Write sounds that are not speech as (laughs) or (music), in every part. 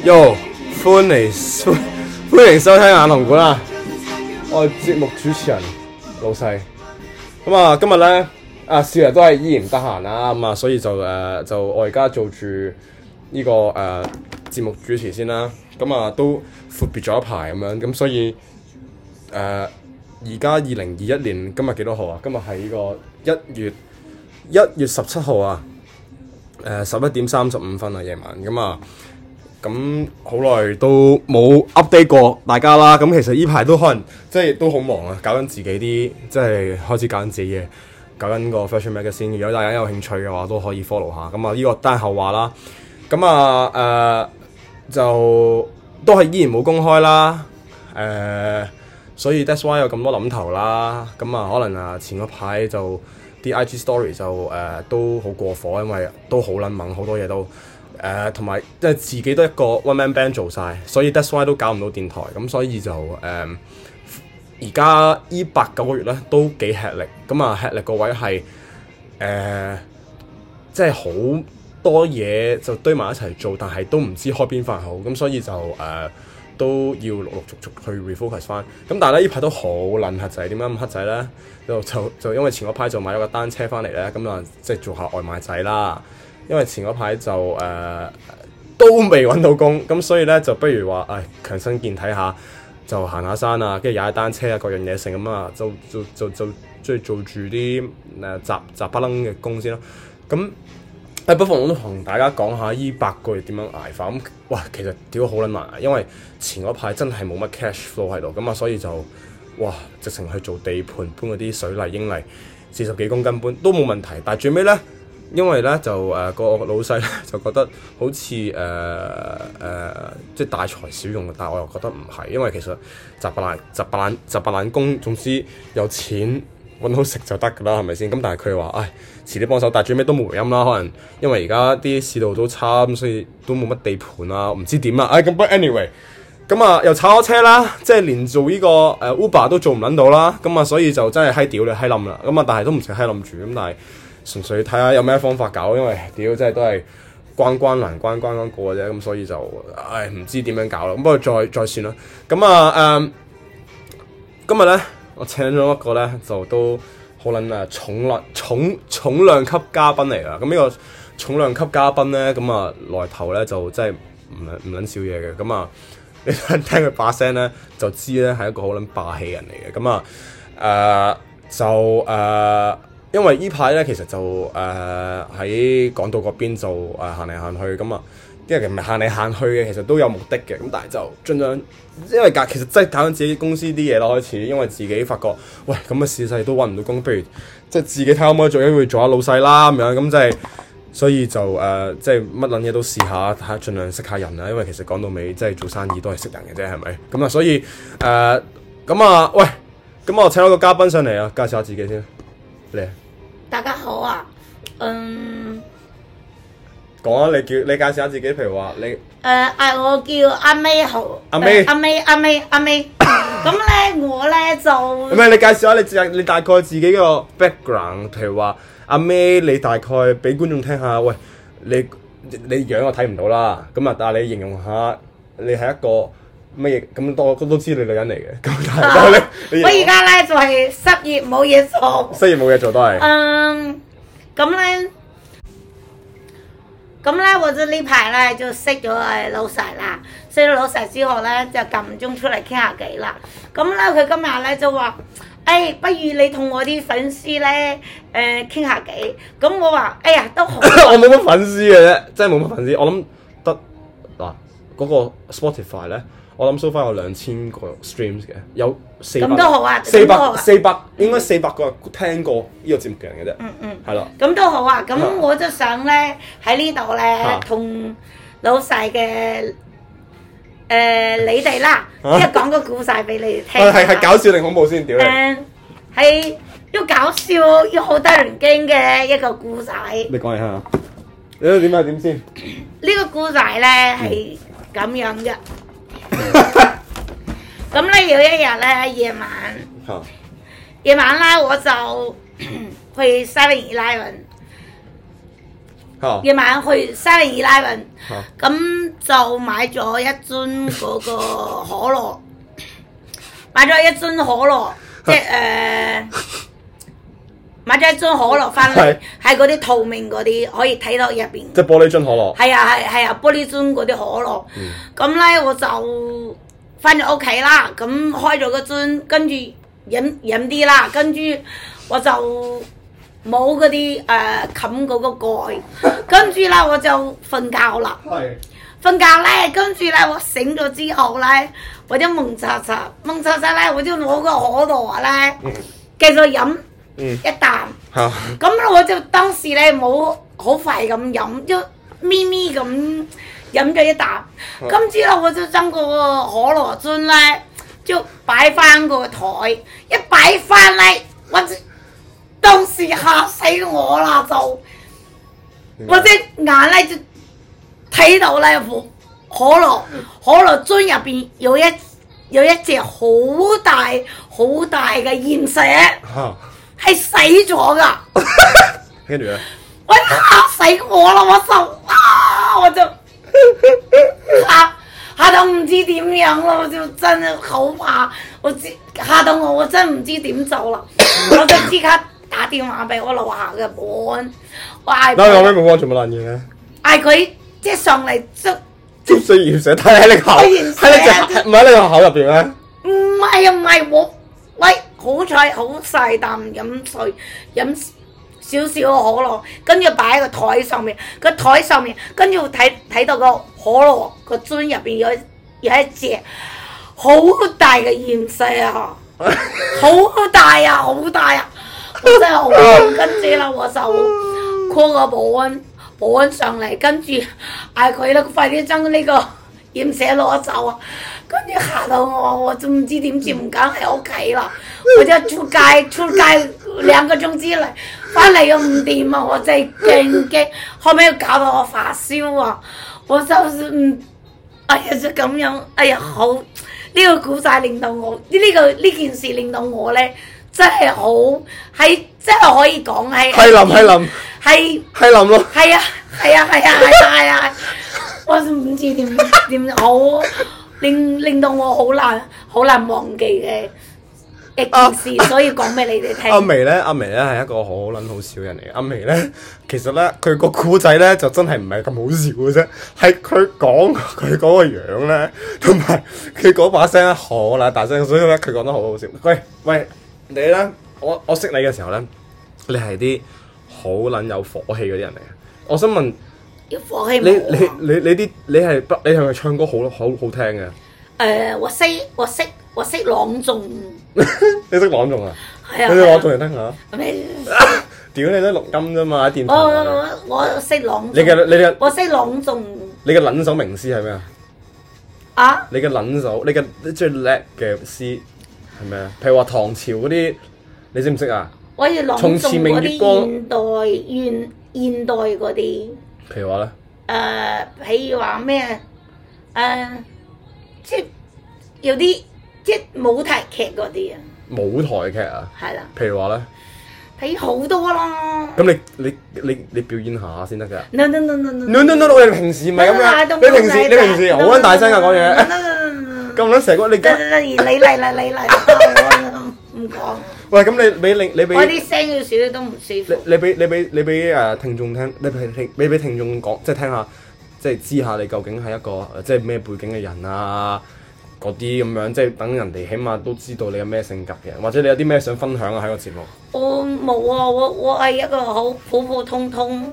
喲，Yo，歡迎歡迎收聽眼紅館啊！我係節目主持人老細咁啊。今日咧，阿、啊、少都係依然唔得閒啦，咁啊，所以就誒、啊，就我而家做住呢、這個誒、啊、節目主持先啦。咁啊，都闊別咗一排咁樣，咁、啊、所以誒，而家二零二一年今日幾多號啊？今日係呢個一月一月十七號啊，誒、啊，十一點三十五分啊，夜晚咁啊。咁好耐都冇 update 過大家啦，咁其實依排都可能即係都好忙啊，搞緊自己啲即係開始搞緊自己嘢，搞緊個 fashion magazine 先。如果大家有興趣嘅話都可以 follow 下。咁啊，呢個單後話啦。咁啊，誒、呃，就都係依然冇公開啦。誒、呃，所以 that's why 有咁多諗頭啦。咁啊，可能啊前嗰排就啲 I G story 就誒、呃、都好過火，因為都好撚猛，好多嘢都。誒同埋即係自己都一個 one man band 做晒，所以 that's why 都搞唔到電台，咁所以就誒而家呢八九個月咧都幾吃力，咁啊吃力個位係誒即係好多嘢就堆埋一齊做，但係都唔知開邊瓣好，咁所以就誒、呃、都要陸陸續續去 refocus 翻，咁但係咧呢排都好撚黑仔，點解咁黑仔咧？就就就因為前嗰排就買咗個單車翻嚟咧，咁啊即係做下外賣仔啦。因為前嗰排就誒、呃、都未搵到工，咁所以咧就不如話誒、哎、強身健體下，就行下山啊，跟住踩下單車啊，各樣嘢性，咁啊，就做就就即係做住啲誒雜雜不楞嘅工先咯。咁不妨我都同大家講下依八個月點樣挨法。咁哇，其實屌好撚難，因為前嗰排真係冇乜 cash flow 喺度，咁啊所以就哇直情去做地盤搬嗰啲水泥英泥，四十幾公斤搬都冇問題，但係最尾咧。因為咧就誒、呃個老細咧就覺得好似誒誒即係大材小用，但係我又覺得唔係，因為其實雜白蘭、雜白蘭、雜白蘭工，總之有錢搵到食就得㗎啦，係咪先？咁但係佢話唉，遲啲幫手，但住咩都冇回音啦。可能因為而家啲市道都差，咁所以都冇乜地盤啊，唔知點啊。唉，咁，but anyway，咁啊又炒咗車啦，即係連做呢個 Uber 都做唔撚到啦。咁啊，所以就真係閪屌你閪冧啦。咁啊，但係都唔成閪冧住咁，但係。純粹睇下有咩方法搞，因為屌真係都係關關難關關關，關過嘅啫，咁所以就唉，唔知點樣搞咯，咁不過再再算啦。咁啊誒、嗯，今日咧我請咗一個咧就都好撚啊重量重重量級嘉賓嚟噶，咁呢個重量級嘉賓咧咁啊來頭咧就真係唔唔撚少嘢嘅，咁啊你聽佢把聲咧就知咧係一個好撚霸氣人嚟嘅，咁啊誒、呃、就誒。呃因為呢排咧，其實就誒喺、呃、港島嗰邊就誒行嚟行去咁啊，即係其實唔係行嚟行去嘅，其實都有目的嘅。咁但係就盡量，因為其實真係搞緊自己公司啲嘢咯，開始因為自己發覺，喂咁嘅事勢都搵唔到工，不如即係、就是、自己睇下可唔可以做一做下老細啦咁樣，咁即係，所以就誒即係乜撚嘢都試下，睇盡量識下人啊。因為其實講到尾，即係做生意都係識人嘅啫，係咪？咁啊，所以誒咁、呃、啊，喂，咁我請到個嘉賓上嚟啊，介紹下自己先。大家好啊，嗯，講啊，你叫你介紹下自己，譬如話你，誒，呃，係我叫阿 May 好，阿 May 妹阿 May 阿 May 阿 May，咁咧我咧就，唔係你介紹下你自，你大概自己個 background，譬如話阿 May，你大概俾觀眾聽下，喂，你你，你樣我睇唔到啦，咁啊，但係你形容下，你係一個。乜嘢咁多都，都知你女人嚟嘅。咁又係，我而家咧就係失業冇嘢做，失業冇嘢做都係，嗯咁咧，咁咧，或者呢排咧就識咗誒老細啦，識咗老細之後咧就撳鐘出嚟傾下偈啦。咁咧佢今日咧就話誒，不如你同我啲粉絲咧誒傾下偈。咁我話哎呀都好，我冇乜粉絲嘅啫，真係冇乜粉絲。我諗得嗱嗰個 Spotify 咧。我諗收 o 有兩千個 streams 嘅，有四百四百四百，應該四百個聽過呢個節目嘅人嘅啫。嗯嗯，係咯。咁都好啊。咁我就想咧喺呢度咧，同老細嘅誒你哋啦，即係講個故仔俾你哋聽。係係搞笑定恐怖先？屌你！係要搞笑要好得人驚嘅一個故仔。你講嚟聽下。誒點啊點先？呢個故仔咧係咁樣嘅。咁咧 (laughs) 有一日咧夜晚，好夜晚啦我就去 seven eleven 好夜晚去 seven eleven，咁好就買咗一樽嗰個可樂， (laughs) 買咗一樽可樂， (laughs) 即係誒。呃 (laughs) 買咗一樽可樂翻嚟，係嗰啲透明嗰啲，可以睇到入邊。即係玻璃樽可樂。係啊係係啊，啊，玻璃樽嗰啲可樂。咁咧、嗯、我就翻咗屋企啦，咁開咗個樽，跟住飲飲啲啦，跟住我就冇嗰啲誒冚嗰個蓋，跟住啦我就瞓覺啦。係是。瞓覺咧，跟住咧我醒咗之後咧，我就蒙查查，蒙查查咧我就攞個可樂咧，嗯、繼續飲。一啖，咁我就當時咧冇好快咁飲，咁咪咪咁飲咗一啖。咁之後我就將個可樂樽咧，就擺翻個台，一擺翻嚟，我當時嚇死我啦！就我隻眼咧就睇到咧個可樂可樂樽入邊有一有一隻好大好大嘅岩石。 (laughs) 係死咗噶 (laughs) 呢，跟住啊，我嚇死我啦！我就啊，我就吓嚇到唔知點樣啦！我就真係好怕，我嚇到我，我真唔知點做啦！ (coughs) 我就即刻打電話俾我樓下嘅保安，哇！有咩保安爛嘢嗌佢即係上嚟捉，捉死完蛇，睇喺你，你口，喺你唔喺你個口入邊咩？唔係啊，唔係我喂。我好彩好細啖飲水，飲少少嘅可樂，跟住擺喺個台上面。個台上面，跟住我睇睇到個可樂個樽入邊有有一隻好大嘅鹽蛇啊！好 (laughs) 大啊！好大、啊、大啊！我真係好緊張啦！我就 call 個保安，保安上嚟，跟住嗌佢咧快啲將呢個鹽蛇攞走啊！跟住嚇到我，我就唔知點接唔緊喺屋企啦。我就出街，出街兩個鐘之內，翻嚟又唔掂啊。我真係驚驚，後尾又搞到我發燒啊！我就算唔，哎呀，就咁樣，哎呀，好呢、這個故仔令到我呢、這個呢件事令到我咧，真係好係真係可以講係係林係林係係是林咯。係啊係啊係啊係啊，啊，啊，啊，啊，啊，啊，我都唔知點點好。 (laughs) 令令到我好難好難忘記嘅一件事，所以講俾你哋聽。阿美咧，阿美咧係一個好捻好笑人嚟嘅。阿美咧，其實咧佢個古仔咧就真係唔係咁好笑嘅啫，係佢講佢嗰個樣咧，同埋佢嗰把聲好捻大聲，所以咧佢講得好好笑。喂喂，你咧，我我識你嘅時候咧，你係啲好捻有火氣嗰啲人嚟嘅，我想問。你你你你啲你係不你係咪唱歌好咯，好好聽嘅？誒，我識我識我識朗誦。你識朗誦啊？你哋我同人聽下。屌，你都錄音啫嘛，喺電腦。我我我識朗。你嘅你嘅。我識朗誦。你嘅撚首名詩係咩啊？啊！你嘅撚首，你嘅最叻嘅詩係咩啊？譬如話唐朝嗰啲，你識唔識啊？我要朗誦嗰啲現代現現代嗰啲。譬如話咧，譬、呃、如話咩、呃、啊，即係有啲即舞台劇嗰啲啊。舞台劇啊，係啦。譬如話咧，睇好多咯。咁你你你你，你表演下先得㗎。no no no no no no no 我哋平時唔係咁樣。你平、啊、你平時好撚大聲㗎講嘢。咁撚成骨你。你嚟你嚟。唔講。 (laughs) 喂，咁你俾另你俾我啲聲要少啲都唔舒服。你你俾你俾你俾誒聽眾聽，你俾聽俾俾聽眾講，即係聽下，即係知下你究竟係一個即係咩背景嘅人啊？嗰啲咁樣，即係等人哋起碼都知道你有咩性格嘅，或者你有啲咩想分享啊？喺個節目，我冇啊，我我係一個好普普通通。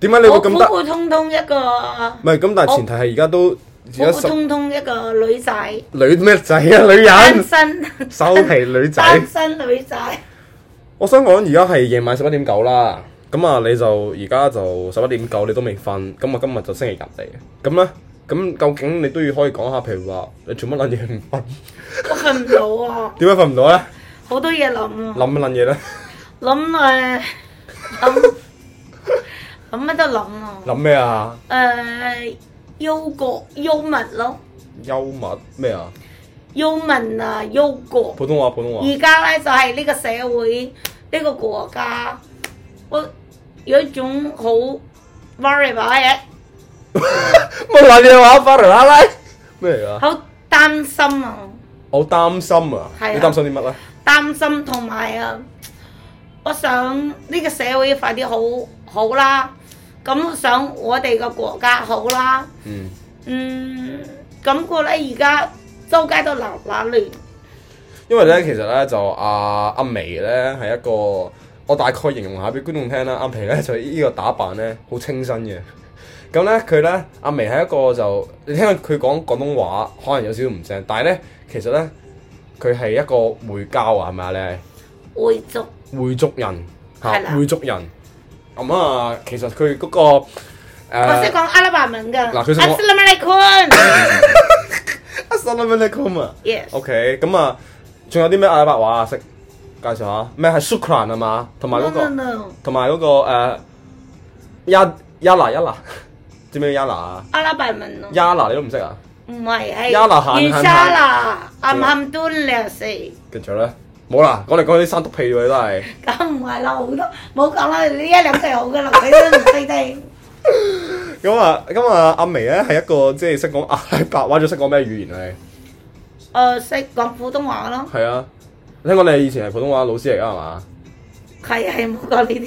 點解你會咁得？普普通通一個啊。唔係咁，但係前提係而家都。普普通通一個女仔，女咩仔啊？女人，單身，收係女仔，單身女仔。我想講而家係夜晚十一點九啦，咁啊你就而家就十一點九你都未瞓，咁啊今日就星期日嚟，咁咧，咁究竟你都要可以講下譬如話，你做乜撚嘢唔瞓？我瞓唔到啊！點解瞓唔到咧？好多嘢諗啊！諗乜撚嘢咧？諗誒，諗諗乜都諗啊！諗咩啊？誒。憂國憂民咯，憂民咩啊？憂民啊，憂國。普通話，普通話。而家咧就係、是、呢個社會，呢、這個國家，我有一種好 worry 怕嘢。冇話你嘅話，啦？咩嚟㗎？好擔心啊！ (laughs) 好擔心啊！你擔心啲乜咧？擔心同埋啊，我想呢個社會快啲好好啦。咁想我哋個國家好啦，嗯，感覺咧而家周街都流流亂，因為咧其實咧就阿阿美咧係一個，我大概形容下俾觀眾聽啦。阿美咧就呢個打扮咧好清新嘅，咁咧佢咧阿美係一個，就你聽佢講廣東話可能有少少唔正，但係咧其實咧佢係一個回教啊，係咪啊咧？回族，回族人嚇，回族人。咁啊，其實佢嗰個誒，我識講阿拉伯文㗎，阿斯拉米勒昆，阿斯拉米勒昆啊，yes，OK，咁啊，仲有啲咩阿拉伯話識介紹下？咩係 Sukran 啊嘛，同埋嗰個，同埋嗰個誒，耶耶拿耶拿，知唔知咩耶拿？阿拉伯文咯，耶拿你都唔識啊？唔係係，耶拿喊你喊，耶拿阿姆罕都嚟識，繼續啦。冇啦，講嚟講去啲生毒屁喎，都係。咁唔係啦，好多冇講啦，你一兩句好嘅啦，你都唔識聽。咁啊，咁啊，阿美咧係一個即係識講啊白話，仲識講咩語言啊？你、呃。誒，識講普通話咯。係啊，你聽講你是以前係普通話老師嚟㗎係嘛？係係冇講呢啲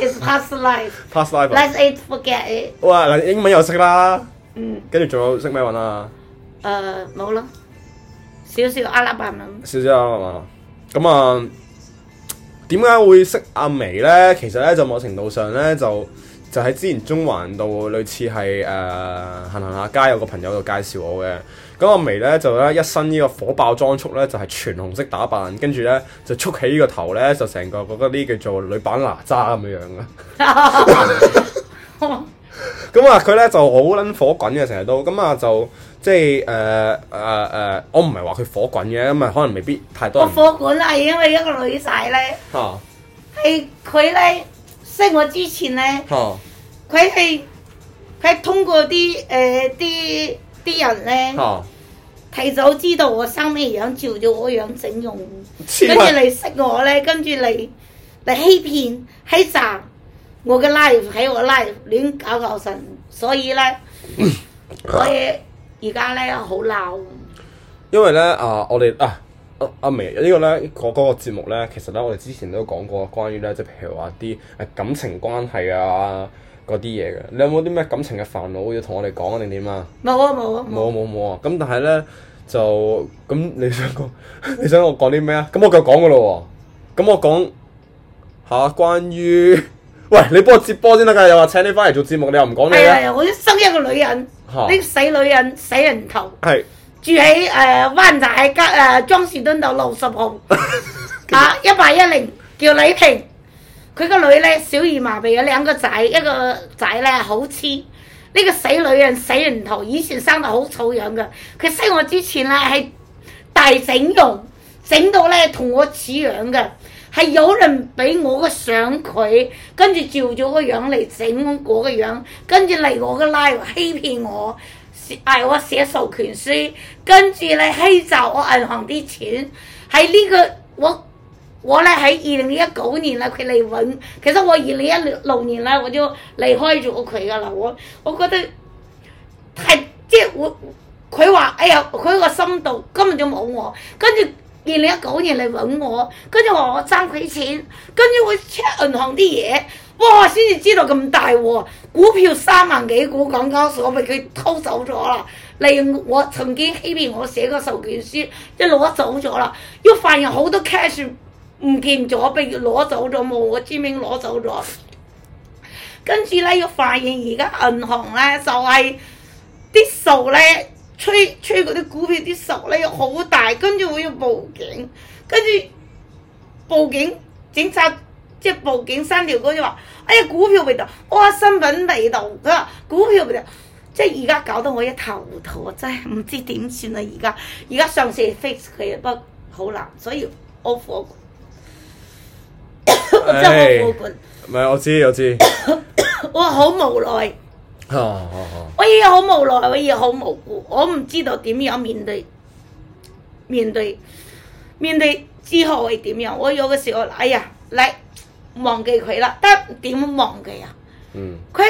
It's past life。Past life。Let's forget it。哇，嗱英文又識啦。嗯。跟住仲有識咩話呢？冇啦、呃，少少阿拉伯文。少少係嘛？咁啊，點解會識阿美咧？其實咧，就某程度上咧，就就喺之前中環度類似係誒、呃、行行下街有個朋友就介紹我嘅。咁阿美咧就咧一身呢個火爆裝束咧，就係、是、全紅色打扮，跟住咧就束起呢個頭咧，就成個嗰啲叫做女版哪吒咁樣嘅。 (laughs) (laughs) 咁啊，佢咧就好撚火滾嘅，成日都咁啊，就即係誒誒誒，我唔係話佢火滾嘅，因為可能未必太多人。我火滾啦係因為一個女仔咧，係佢咧識我之前咧，佢係佢通過啲誒啲啲人咧、啊、提早知道我生咩樣，照咗我樣整容，跟住嚟識我咧，跟住嚟嚟欺騙，喺詐。我嘅 life 喺我 life 亂搞搞神，所以咧，所以而家咧好嬲。 (coughs) 我呢因為咧、呃，啊，我哋啊，阿阿美呢個咧嗰嗰個節目咧，其實咧我哋之前都有講過關於咧，即係譬如話啲感情關係啊嗰啲嘢嘅。你有冇啲咩感情嘅煩惱要同我哋講定點啊？冇啊，冇啊，冇啊，冇冇啊！咁但係咧就咁，你想講，你想我講啲咩啊？咁我繼續講噶咯喎，咁我講下關於。喂，你幫我接波先得㗎，又話請你翻嚟做節目，你又唔講你咧？係啊，我一生一個女人，呢個死女人死人頭，係住喺誒、呃、灣仔吉誒、呃、莊士敦道六十號，嚇一八一零，110，叫李萍。佢個女咧小兒麻痹，有兩個仔，一個仔咧好黐。呢個死女人死人頭，以前生得好醜樣嘅。佢識我之前咧係大整容，整到咧同我似樣嘅。係有人俾我個相佢，跟住照咗個樣嚟整嗰個樣，跟住嚟我個 line 欺騙我，嗌我寫授權書，跟住咧欺詐我銀行啲錢。喺、呢個、呢個我我咧喺二零一九年啦，佢嚟揾，其實我二零一六年啦我就離開咗佢噶啦，我我覺得係即係我佢話，哎呀佢個心度根本就冇我，跟住。二零一九年嚟揾我，跟住話我爭佢錢，跟住我 check 銀行啲嘢，哇先至知道咁大鑊，股票三萬幾股港交所畀佢偷走咗啦，利用我曾經欺騙我寫過授權書，一攞走咗啦，又發現好多 cash 唔見咗，畀佢攞走咗，冇我簽名，名攞走咗，跟住咧又發現而家銀行咧就係啲數咧。吹吹嗰啲股票啲手咧好大，跟住我要報警，跟住報警，警察即係報警三條歌就話，哎呀股票未到，哇、哦、身份未到噶股票未到，即係而家搞到我一頭糊塗啊！真係唔知點算啊！而家而家上次 fix 佢都好難，所以 off、哎、 (laughs) 我火，真係我冇管。唔係我知我知 (coughs) ，我好無奈。Oh, oh, oh. 我而家好無奈，我而家好無辜，我唔知道點樣面對面對面對之後係點樣。我有嘅時候，哎呀，嚟忘記佢啦，但點忘記啊？嗯、mm.，佢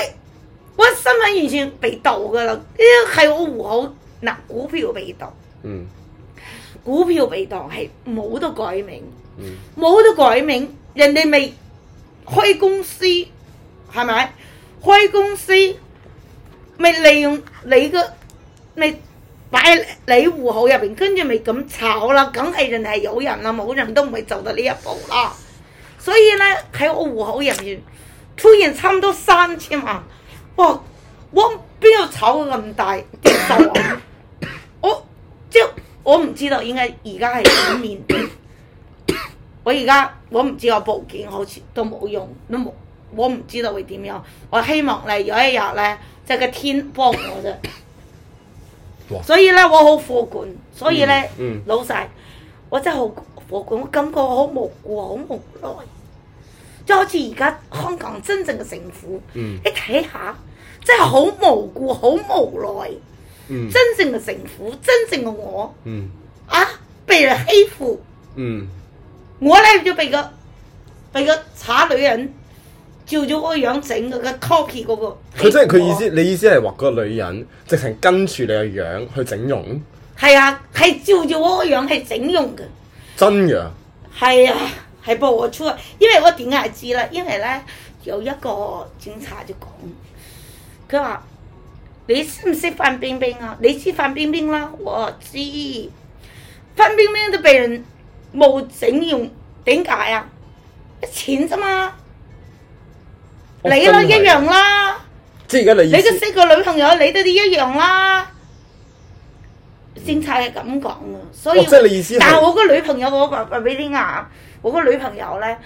我身份完全被盜噶啦！呢係我戶口嗱股票被盜，嗯，股票被盜係冇得改名，冇、mm. 得改名，人哋未開公司，係咪、mm. 開公司？咪利用你個，你擺你戶口入邊，跟住咪咁炒啦，梗係人係有人啦，冇人都唔會做到呢一步啦。所以咧喺我戶口入邊出現差唔多三千萬，我我唔要炒咁大跌落，我即 (coughs) 我唔知道應該而家係點面，我而家我唔知個報警好似都冇用，都冇我唔知道會點樣。我希望咧有一日咧。就個天幫哇我啫，所以咧我好火滾，所以咧老細，嗯、我真係好火滾，我感覺好無辜、好無奈，即好似而家香港真正嘅城府，你睇、嗯、下，真係好無辜、好無奈，嗯、真正嘅城府，真正嘅我，嗯、啊，被人欺負，嗯、我咧就被個被個查女人。照咗嗰個樣整嗰個 copy 嗰個，佢真係佢意思，你意思係話個女人直情跟住你個樣去整容？係啊，係照住我個樣係整容嘅，真嘅？係啊，係播我出啊！因為我點解知啦？因為咧有一個警察就講，佢話你識唔識范冰冰啊？你知范冰冰啦、啊，我知。范冰冰都畀人冇整容，點解啊？錢啫嘛。哦、你咯一樣啦，即係你都識個女朋友，你都啲一樣啦。先策係咁講啊，所以，但係我個女朋友我話話俾你聽，我個女朋友咧，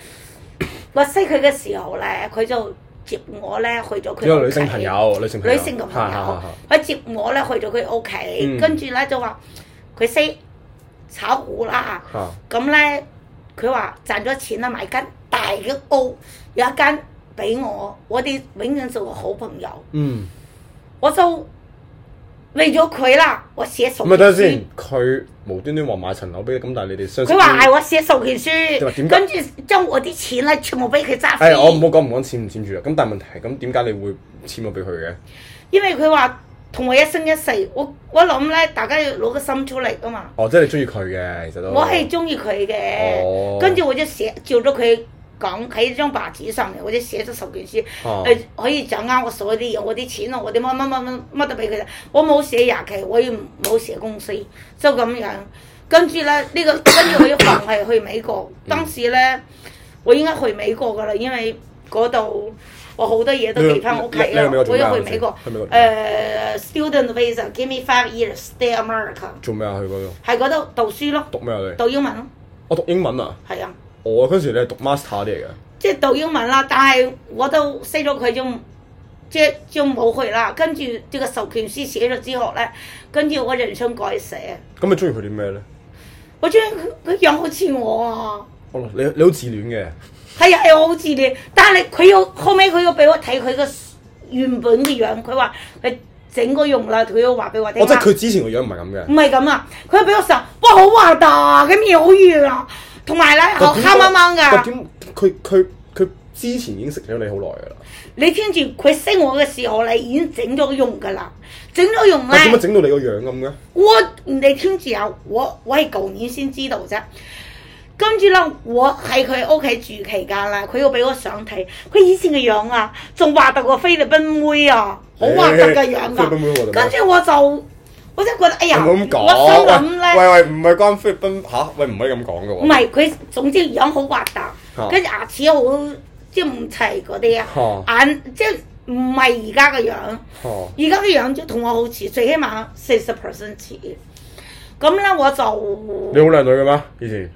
我識佢嘅時候咧，佢就接我咧去咗佢屋企。女性朋友，女性嘅朋友，佢接我咧去咗佢屋企，嗯、跟住咧就話佢識炒股啦。咁咧佢話賺咗錢啦，買間大嘅屋，有一間。俾我，我哋永遠做個好朋友。嗯，我就為咗佢啦，我寫贖。咪等先，佢無端端話買層樓俾你，咁但係你哋相信佢話嗌我寫授權書，樣跟住將我啲錢咧全部俾佢揸。係啊、哎，我唔好講唔講錢唔簽住啊。咁但係問題係，咁點解你會簽落俾佢嘅？因為佢話同我一生一世，我我諗咧，大家要攞個心出嚟㗎嘛。哦，即係你中意佢嘅，其實都我係中意佢嘅，哦、跟住我就寫，叫咗佢。講喺張白紙上面，或者寫咗十件事，啊呃、可以掌握我所有啲嘢，我啲錢咯，我啲乜乜乜乜乜都俾佢。我冇寫日期，我又冇寫公司，就咁樣。跟住咧，呢、呢個跟住我一份係去美國，當時咧，嗯、我應該去美國噶啦，因為嗰度我好多嘢都寄返屋企嘅，啊、我要去美國。誒、啊 uh，student visa，give me five years，stay America。做咩啊？去嗰度？喺嗰度讀書咯。讀咩啊？讀英文咯。我讀英文啊。係啊。我嗰、哦、時你係讀 Master 啲嚟嘅，即係讀英文啦，但係我都識咗佢，就即係就冇去啦。跟住呢個授權書寫咗之後咧，跟住我人生改寫。咁你中意佢啲咩咧？我中意佢個樣好似我啊！哦，你你好自戀嘅。係係我好自戀，但係佢要後尾，佢要俾我睇佢個原本嘅樣子，佢話佢整過容啦，佢要話俾我聽。我即係佢之前個樣唔係咁嘅。唔係咁啊！佢俾我睇，哇好華大，跟住好樣啊！同埋咧，我黑掹掹噶。點？佢佢佢之前已經食咗你好耐噶啦。你聽住佢識我嘅時候，你已經整咗容噶啦，整咗容咧。點解整到你個樣咁嘅？我，你聽住啊！我我係舊年先知道啫。跟住咧，我喺佢屋企住期間啦，佢要俾我相睇，佢以前嘅樣啊，仲話特個菲律賓妹啊，好話特嘅樣啊。跟住我，我就……我真係覺得，哎呀，我想諗咧，喂喂，唔係關飛奔嚇，喂唔可以咁講噶喎。唔係，佢總之樣好核突，跟住牙齒好即唔齊嗰啲啊，眼即唔係而家嘅樣，而家嘅樣就同我好似，最起碼四十 percent 似。咁咧我就你好靚女嘅咩？以前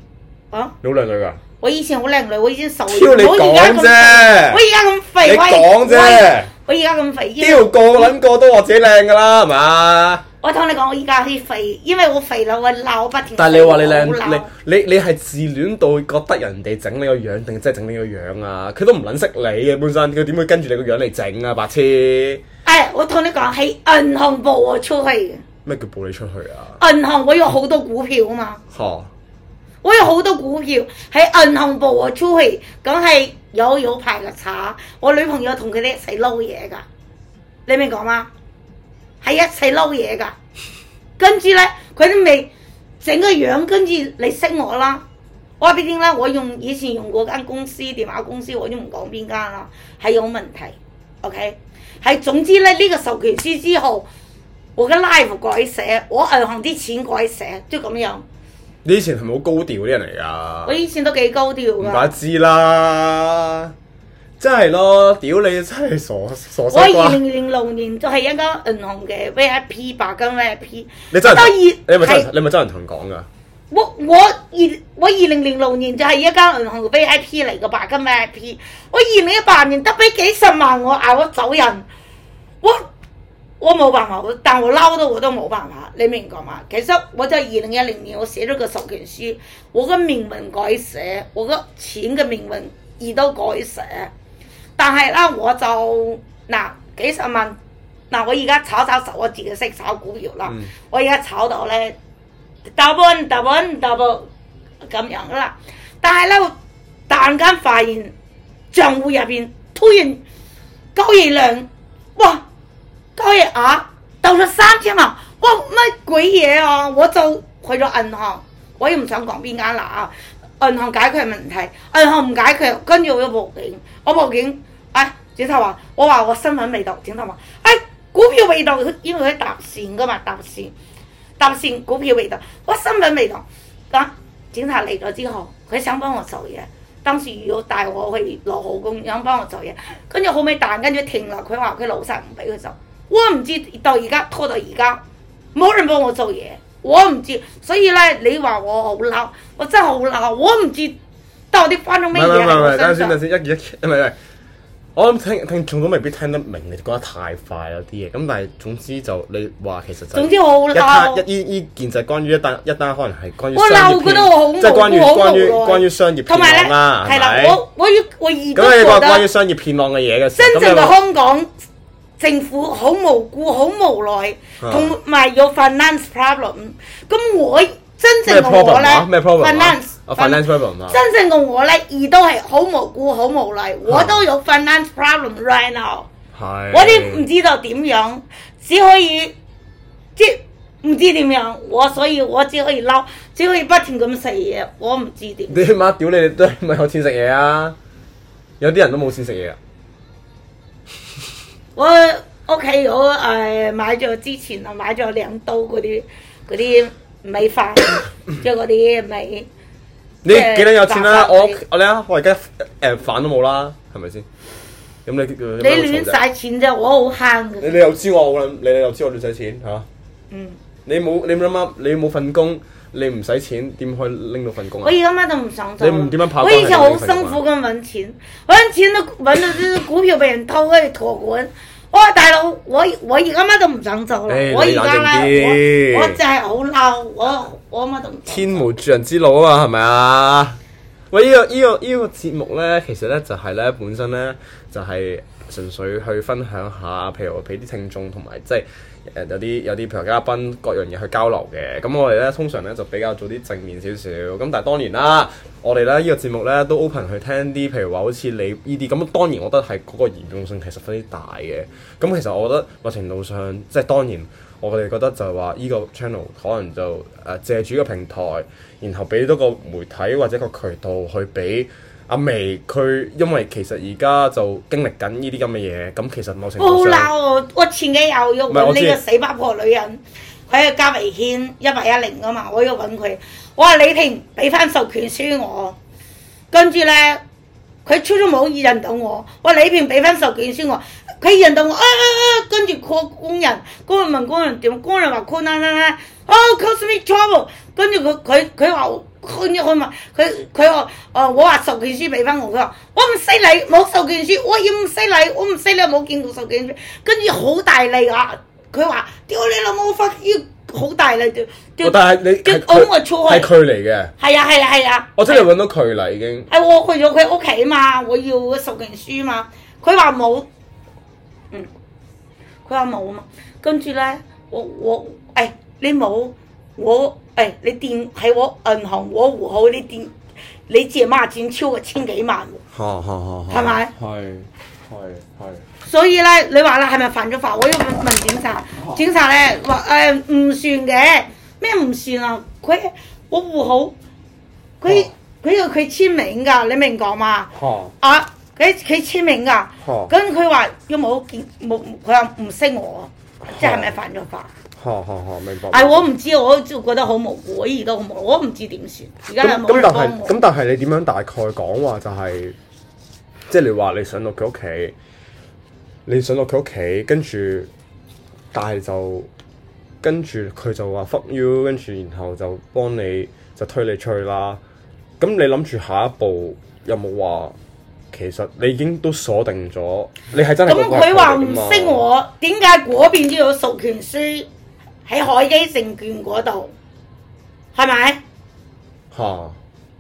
啊，你好靚女噶。我以前好靚女，我已經瘦咗。丟你講啫！我而家咁肥，你講啫！我而家咁肥，丟個撚個都話自己靚噶啦，係嘛？我同你講，我依家啲肥，因為我肥啦，我鬧不停。但係你話你靚，你你你係自戀到覺得人哋整你個樣，定真係整你個樣啊？佢都唔撚識你啊。本身佢點會跟住你個樣嚟整啊？白痴！哎，我同你講，喺銀行部我出去。咩叫報你出去啊？銀行我有好多股票啊嘛。吓、嗯！我有好多股票喺銀行部我出去，梗係有有排嘅查。我女朋友同佢哋一齊撈嘢噶，你明講嗎？喺一齊撈嘢噶，跟住咧佢都未整個樣，跟住你識我啦。我話俾你聽啦，我用以前用過間公司電話公司，我都唔講邊間啦，係有問題。O K，係總之咧呢個授權書之後，我嘅 live 改寫，我銀行啲錢改寫，即係咁樣。你以前係咪好高調嘅人嚟啊？我以前都幾高調噶。唔知啦。真係咯，屌你真係傻傻瓜。我二零零六年就係一間銀行嘅 V I P 白金 V I P，所以係你咪真，你咪真人同是真人講噶是。我我二我二零零六年就係一間銀行嘅 V I P 嚟嘅白金 V I P，我二零一八年得俾幾十萬我嗌我，我走人，我我冇辦法，但我嬲到我都冇辦法，你明唔明白嘛？其實我就係二零一零年我寫咗個授權書，我個命運改寫，我個錢嘅命運亦都改寫。但係啦，我就嗱幾十萬，嗱我而家炒炒手，我自己識炒股票啦。嗯、我而家炒到咧，大波大波大波咁樣噶啦。但係咧，我突然間發現賬戶入邊突然交易量，哇，交易額，到咗三千萬啦。哇，乜鬼嘢啊！我就去咗銀行，我又唔想講邊間啦啊。銀行解決問題，銀行唔解決，跟住我報警，我報警。警察話：我話我身份未到，警察話：誒、哎，股票未到，因為佢搭線噶嘛，搭線搭線，線股票未到，我身份未到。咁、啊、警察嚟咗之後，佢想幫我做嘢，當時如果帶我去羅湖公安幫我做嘢，跟住後尾突然間停啦，佢話佢老細唔俾佢做，我唔知到而家拖到而家，冇人幫我做嘢，我唔知。所以咧，你話我好嬲，我真係好嬲，我唔知到底發生咩嘢。一係。一我諗聽聽眾都未必聽得明，你講得太快啦啲嘢。咁但係總之就你話其實就總之我好嬲，一呢呢件就係關於一單一單，可能係關於商業片。即係關於關於關於商業騙浪啦。係啦，我我要我二度覺得咁係個關於商業騙浪嘅嘢嘅事。真正嘅香港政府好無辜、好無奈，同埋有 finance problem。咁我真正嘅我咧、啊啊、finance，finance problem、啊。真正嘅我咧，而都係好無辜、好無奈， (laughs) 我都有 finance problem，right now。係是。我啲唔知道點樣，只可以即唔知點樣。我所以我只可以嬲，只可以不停咁食嘢。我唔知點。你媽屌！你都係咪有錢食嘢啊？有啲人都冇錢食嘢啊！ (laughs) 我屋企我誒買咗之前啊買咗兩刀啲嗰啲。美飯即係嗰啲美，你幾多有錢啦？我我咧，我而家誒飯都冇啦，係咪先？咁你你亂晒錢啫，我好慳嘅。你你又知我，我，你你又知我亂晒錢嚇？啊、嗯。你冇你冇諗下？你冇份工，你唔使錢，點可以拎到份工啊？我而家乜都唔想做、啊。你唔點樣拍？我以前好辛苦咁揾錢，揾錢都揾到啲股票俾人偷，跟住託管。喂、oh, 大佬，我我而家乜都唔想做啦 hey, 我而家我就係好嬲，我真的很我乜都不了天無絕人之路啊嘛，係咪啊？喂，呢、這個依、這個依、這個節目呢，其實呢，就係、是、呢，本身呢，就係、是、純粹去分享下，譬如俾啲聽眾同埋即係有啲、就是、有啲，譬如嘉賓各樣嘢去交流嘅。咁我哋呢，通常呢，就比較做啲正面少少。咁但係當然啦。我哋咧呢、呢個節目咧都 open 去聽啲，譬如話好似你呢啲咁。當然我覺得係嗰個嚴重性係十分之大嘅。咁、嗯、其實我覺得某程度上，即係當然我哋覺得就係話呢個 channel 可能就、呃、借住個平台，然後俾多個媒體或者個渠道去俾阿薇佢，因為其實而家就在經歷緊呢啲咁嘅嘢。咁、嗯、其實某程度上，我前幾日用到呢個死八婆女人。佢係加維險一百一零噶嘛，我要揾佢。我話李平俾翻授權書我，跟住咧，佢初初冇認到我。我話李平俾翻授權書我，佢認到我，啊啊啊！跟住個工人，工人問工人點，工人話、oh,：，工人啦啦啦，我做咩錯喎？跟住佢佢佢話：，跟住佢問佢佢話，誒我話授權書俾翻我，佢話我唔識你，冇授權書，我亦唔識你，我唔識你冇見過授權書，跟住好大力啊！佢話：屌你老母，很我塊腰好大力！叫叫，叫我錯係佢嚟嘅。係啊係啊係啊！啊啊我真係揾到佢啦，啊、已經。係、哎、我去咗佢屋企啊嘛，我要個授權書啊嘛。佢話冇，嗯，佢話冇啊嘛。跟住咧，我我誒你冇，我誒、哎你，哎、你電喺我銀行我戶口你電，你借孖展超過千幾萬喎。係咪？係吧。係係，所以咧，你話啦，係咪犯咗法？我要問警察，啊、警察咧話誒唔算嘅，咩唔算啊？佢我戶口，佢佢要佢簽名噶，你明講嘛？啊，佢佢簽名噶，咁佢話又冇見冇，佢又唔識我，即係咪犯咗法？哦，明白。係、哎、我唔知，我就覺得好無辜，而家我唔知點算。而家係咁，咁但係咁但係，你點樣大概講話就係、是？即係你話你上到佢屋企，你上到佢屋企，跟住，但係就跟住佢就話 fuck you，跟住然後就幫你就推你出去啦。咁你諗住下一步有冇話？其實你已經都鎖定咗，你係真係咁佢話唔識我，點解嗰邊都有授權書喺海基證券嗰度？係咪？吓！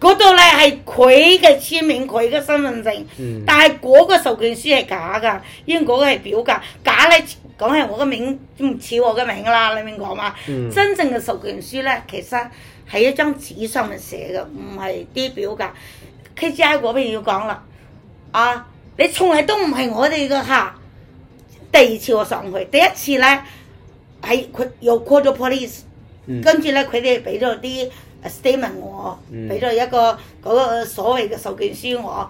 嗰度咧係佢嘅簽名，佢嘅身份證，嗯、但係嗰個授權書係假噶，因為嗰個係表格。假咧講係我個名唔似我個名啦，你明講嘛？嗯、真正嘅授權書咧，其實係一張紙上面寫嘅，唔係啲表格。KGI 嗰邊要講啦，啊，你從來都唔係我哋嘅客，第二次我上去，第一次咧係佢又 call 咗 police，跟住咧佢哋俾咗啲。哎 statement 我俾咗一個嗰個、嗯、所謂嘅授權書我，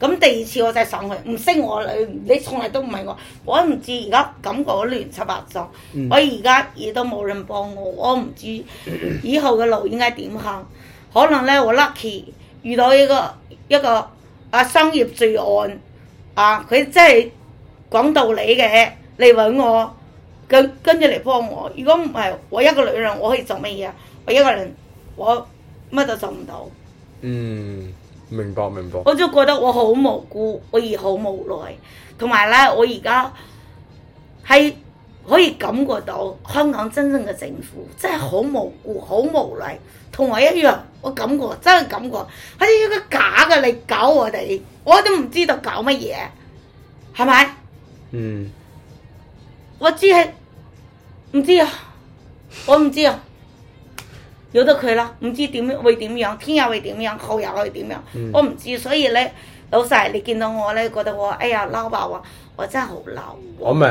咁第二次我就上去，唔識我女，你從嚟都唔係我，我都唔知而家感覺都亂七八糟。嗯、我而家亦都冇人幫我，我唔知以後嘅路應該點行。可能咧我 lucky 遇到一個一個阿、啊、商業罪案啊，佢真係講道理嘅嚟揾我，跟跟住嚟幫我。如果唔係我一個女人，我可以做乜嘢？我一個人。我乜都做唔到。嗯，明白明白。我就覺得我好無辜，我而好無奈，同埋咧，我而家係可以感覺到香港真正嘅政府真係好無辜、好無奈。同我一樣，我感覺真係感覺，好似一個假嘅你搞我哋，我都唔知道搞乜嘢，係咪？嗯，我知係唔知啊？我唔知啊。 (laughs) 有得佢啦，唔知點會點樣，聽日會點樣，後日會點樣，嗯、我唔知，所以咧，老細你見到我咧覺得我，哎呀嬲爆喎，我真係好嬲、哦。我明，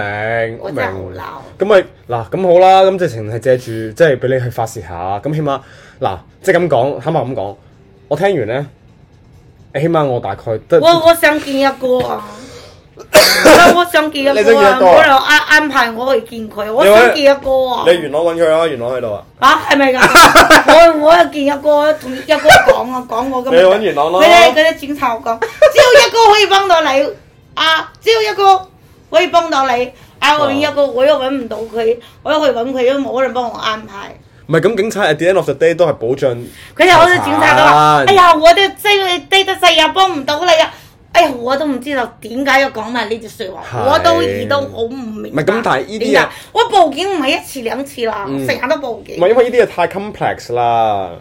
我，哦、我明！好嬲。咁咪嗱，咁好啦，咁直情係借住，即係俾你去發泄下，咁起碼嗱，即係咁講，起碼咁講，我聽完咧，起碼我大概得。我我想見一個啊。 (laughs) (laughs) 我想見一哥、啊、你想見一哥、啊，冇人安安排我去見佢，我想見一哥、啊你。你元朗搵佢啊，元朗喺度啊。 (laughs) 啊，係咪噶？我我要見一哥，同一哥講啊，講我咁你搵元朗咯。佢哋嗰啲警察講，只要一哥可以幫到你啊，只要一哥可以幫到你啊。我搵一哥，我又搵唔到佢，我又去搵佢都冇人幫我安排。唔係，咁警察 at the end of the day 都係保障。佢有好多警察噶嘛？哎呀，我哋即係爹得成日幫唔到你啊。哎呀，我都唔知道點解要講埋呢條説話，是我都而都好唔明白。唔係咁，但係呢啲嘢，我報警唔係一次兩次啦，成日、嗯、都報警。唔係因為呢啲嘢太 complex 啦、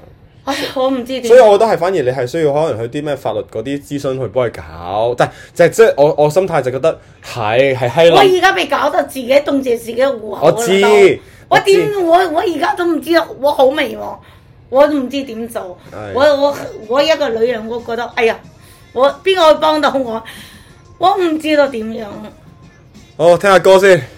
哎，我唔知點。所以我覺得係反而你係需要可能去啲咩法律嗰啲諮詢去幫佢搞，但係就係即係我我心態就覺得係係閪。我而家被搞到自己凍結自己戶口，我知。我點我我而家都唔知道，我好迷茫，我都唔知點做。的我我我一個女人，我覺得哎呀。我邊個可以幫到我？我唔知道點樣。好，聽下歌先。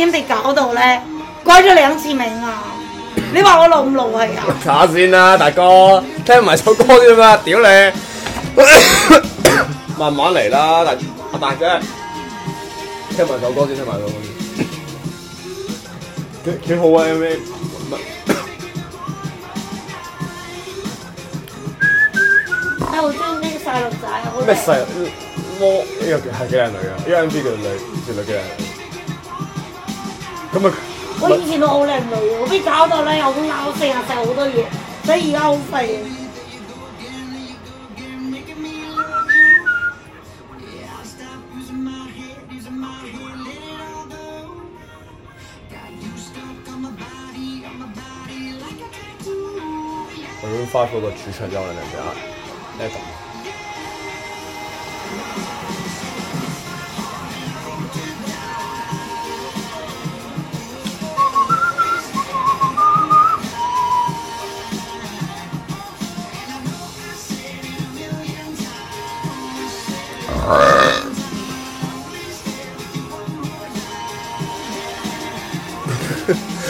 點被搞到咧？改咗兩次名啊！你話我老唔老氣啊？查下先啦，大哥，聽埋首歌啫嘛，屌你！慢慢嚟啦，大阿大姐，聽埋首歌先，聽埋首歌。幾好啊，咩？哎，我中意呢個細路仔啊！咩細？我呢個係幾靚女啊？因為 B 佢女，算靚女。Come on, come on. 我以前都好靚女，我俾搞到咧，我嬲，成日食好多嘢，所以而家好肥。我唔 (noise) 發出個取車照嚟睇下，嚟睇。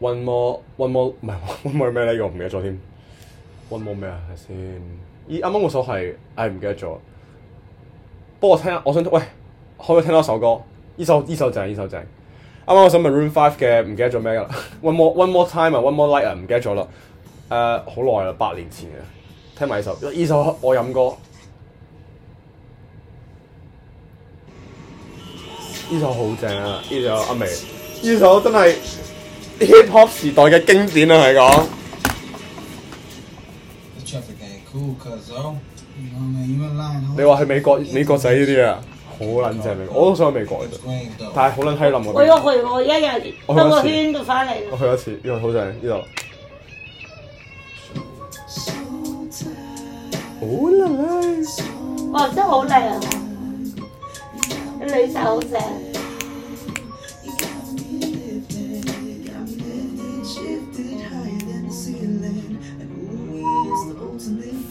One more, one more，唔係 one more 咩咧？我唔記得咗添。One more 咩啊？係先。咦，啱啱我所係，誒唔記得咗。不過我聽，我想喂，可唔可以聽多首歌。呢首呢首正，呢首正。啱啱我想問 Room Five 嘅唔記得咗咩㗎啦？One more, one more time 啊，one more light 啊、uh, really，唔記得咗啦。誒，好耐啦，八年前嘅。聽埋呢首，呢首我飲歌。呢首好正啊！呢首阿美，呢首真係。Hip Hop 時代嘅經典啊，係講。你話係美國美國仔呢啲啊，好撚正啊！我都想去美國，但係好撚閪諗啊！我一去我一日兜個圈就翻嚟啦。我去一次，呢度好正，呢度。哇！真係好靚啊！啲女仔好正。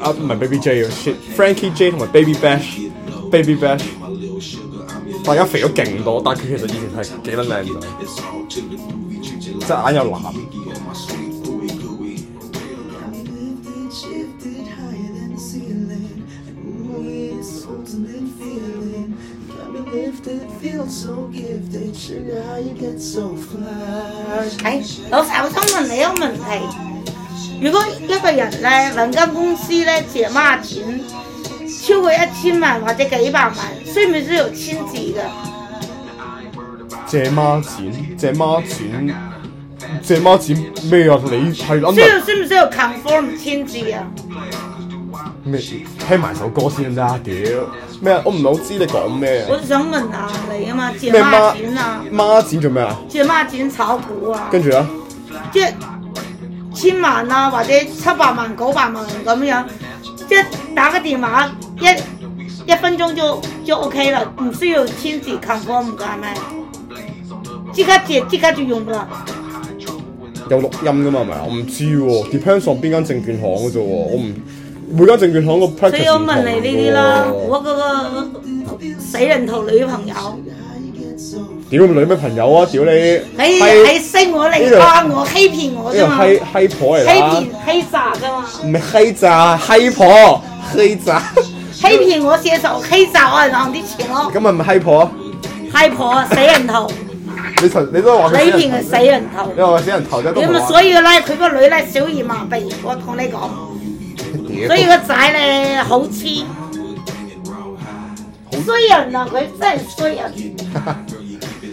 啊，唔係 Baby J 咯，先 Frankie J 同埋 Baby Bash，Baby Bash，大家肥咗勁多，但係佢其實以前係幾撚靚嘅，隻眼又藍。哎，老細，我想問你一個問題。如果一個人咧，兩間公司咧借孖錢超過一千萬或者幾百萬，需唔需要簽字噶、啊？借孖錢，借孖錢，借孖錢咩啊？你係諗？需要唔需要 confirm 簽字啊？咩事？聽埋首歌先啦屌咩？我唔係好知你講咩啊？我想問下你啊嘛借孖錢啊？孖錢做咩啊？借孖錢炒股啊？跟住啊？即。千萬啦，啊，或者七百萬、九百萬咁樣，即打個電話，一一分鐘就就 OK 啦，唔需要簽字 confirm，唔該，係咪？即刻借，即刻就用啦。有錄音噶嘛？係咪啊？唔知喎，哦，depends on 邊間證券行嘅啫喎，我唔每間證券行個 practice 所以我問你呢啲啦，我嗰個死人頭女朋友。屌你咩朋友啊！屌你，你你識我嚟嚇我欺騙我啫嘛？呢欺婆欺騙欺詐噶嘛？唔係欺詐，欺婆，欺詐？欺騙我接受欺詐啊！讓你啲錢咯！咁咪唔係欺婆？欺婆，死人頭！你個呢個話，欺騙個死人頭。呢個死人頭都多。咁所以咧，佢個女咧小兒麻痹，我同你講。所以個仔咧好黐，衰人啊！佢真係衰人。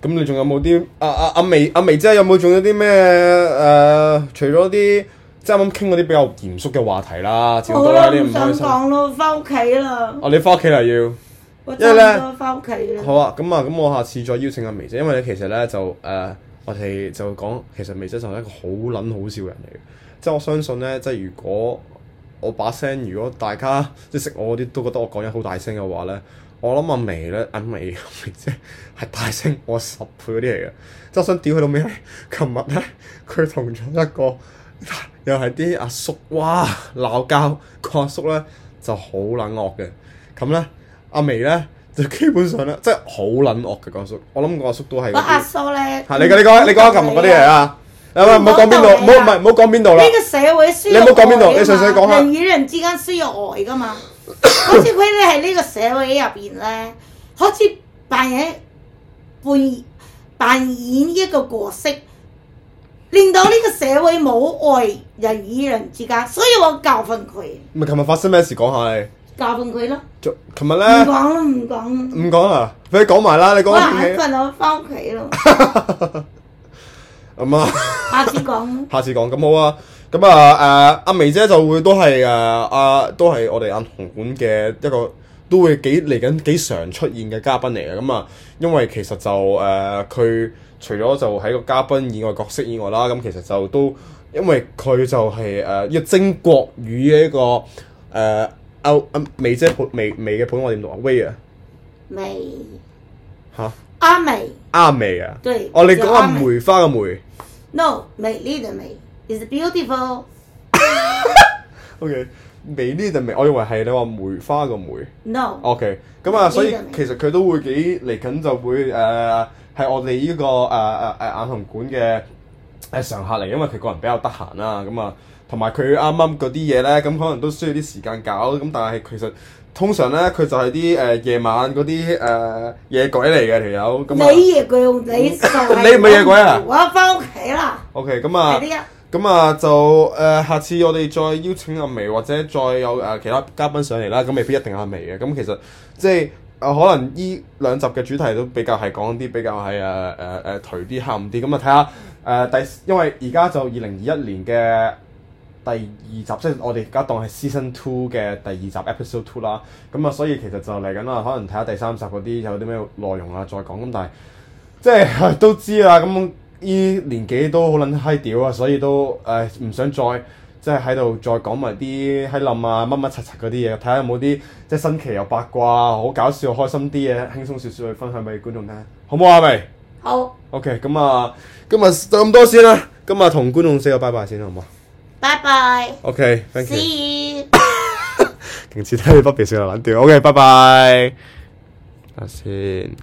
咁你仲有冇啲，啊啊阿美，啊美、啊啊啊、姐有冇仲有啲咩、呃、除咗啲即係啱啱傾嗰啲比較嚴肅嘅話題啦，仲有啲唔開心。我想我想講咯，翻屋企啦。哦，你翻屋企啦，要。我真係翻屋企啦。好啊，咁啊，咁我下次再邀請阿美，姐，因為你其實咧就、呃、我哋就講其實美姐就係一個好撚好笑嘅人嚟嘅。即係我相信咧，即係如果我把聲，如果大家即係識我嗰啲都覺得我講嘢好大聲嘅話咧。我諗阿眉咧，阿眉即係大聲我十倍嗰啲嚟嘅，即係想屌佢老味。琴日咧，佢同咗一個又係啲阿叔，哇鬧交，個阿叔咧就好冷惡嘅。咁咧，阿眉咧就基本上咧，即係好冷惡嘅個阿叔。我諗個阿叔都係。個阿叔咧嚇，你講你講下琴日嗰啲嘢啊！唔好講邊度，唔係唔好講邊度啦。呢、啊啊、個社會需要愛啊嘛！人與人之間需要愛、呃、噶嘛。 (coughs) 好似佢哋喺呢個社會入邊咧，好似扮喺扮扮演一個角色，令到呢個社會冇愛人與人之間，所以我教訓佢。咪係琴日發生咩事？講下你。教訓佢咯。昨琴日咧。唔講啦，唔講。唔講啊！俾你講埋啦，你講自己。我訓我返屋企咯。咁啊 (laughs) 媽。下次講。下次講，咁好啊。咁、嗯、啊，誒阿美姐就會都係誒阿都係我哋銀鴻館嘅一個都會幾嚟緊幾常出現嘅嘉賓嚟嘅，咁、嗯、啊，因為其實就誒佢、啊、除咗就喺個嘉賓以外角色以外啦，咁、嗯、其實就都因為佢就係誒一精國語嘅一個誒阿阿美姐普眉嘅普通話點讀啊？薇啊，眉嚇，阿美，阿美美哈啊，啊啊對，哦，就是、你講下、啊、美梅花嘅梅，no 美麗的美。這個 It's beautiful. (laughs) OK，美呢定美？我認為係你話梅花個梅。No. OK，咁、嗯、啊，所以其實佢都會幾嚟緊，就會誒，係、呃、我哋呢、這個誒誒誒眼紅館嘅誒常客嚟，因為佢個人比較得閒啦。咁啊，同埋佢啱啱嗰啲嘢咧，咁可能都需要啲時間搞。咁但係其實通常咧，佢就係啲誒夜晚嗰啲誒夜鬼嚟嘅條友。你夜鬼， (laughs) 你你唔係夜鬼啊？我翻屋企啦。OK，咁、嗯、啊。咁啊，就誒、呃、下次我哋再邀請阿美或者再有、呃、其他嘉賓上嚟啦，咁未必一定阿美嘅。咁其實即係、呃、可能呢兩集嘅主題都比較係講啲比較係誒誒誒頹啲喊啲。咁啊，睇下誒第，因為而家就二零二一年嘅第二集，即係我哋而家當係 season two 嘅第二集 episode two 啦。咁啊，所以其實就嚟緊啦，可能睇下第三集嗰啲有啲咩內容啊再講。咁但係即係、呃、都知啦，咁、嗯。呢年紀都好撚嗨屌啊，所以都誒唔想再即係喺度再講埋啲閪冧啊乜乜柒柒嗰啲嘢，睇下有冇啲即係新奇又八卦、好搞笑、開心啲嘢，輕鬆少少去分享俾觀眾聽，好唔好？阿美，好，OK，咁啊，今日就咁多先啦，今日同觀眾四個拜拜先，好唔好？拜拜。OK，thank you。勁似睇你不離少四個撚屌。OK，拜拜先。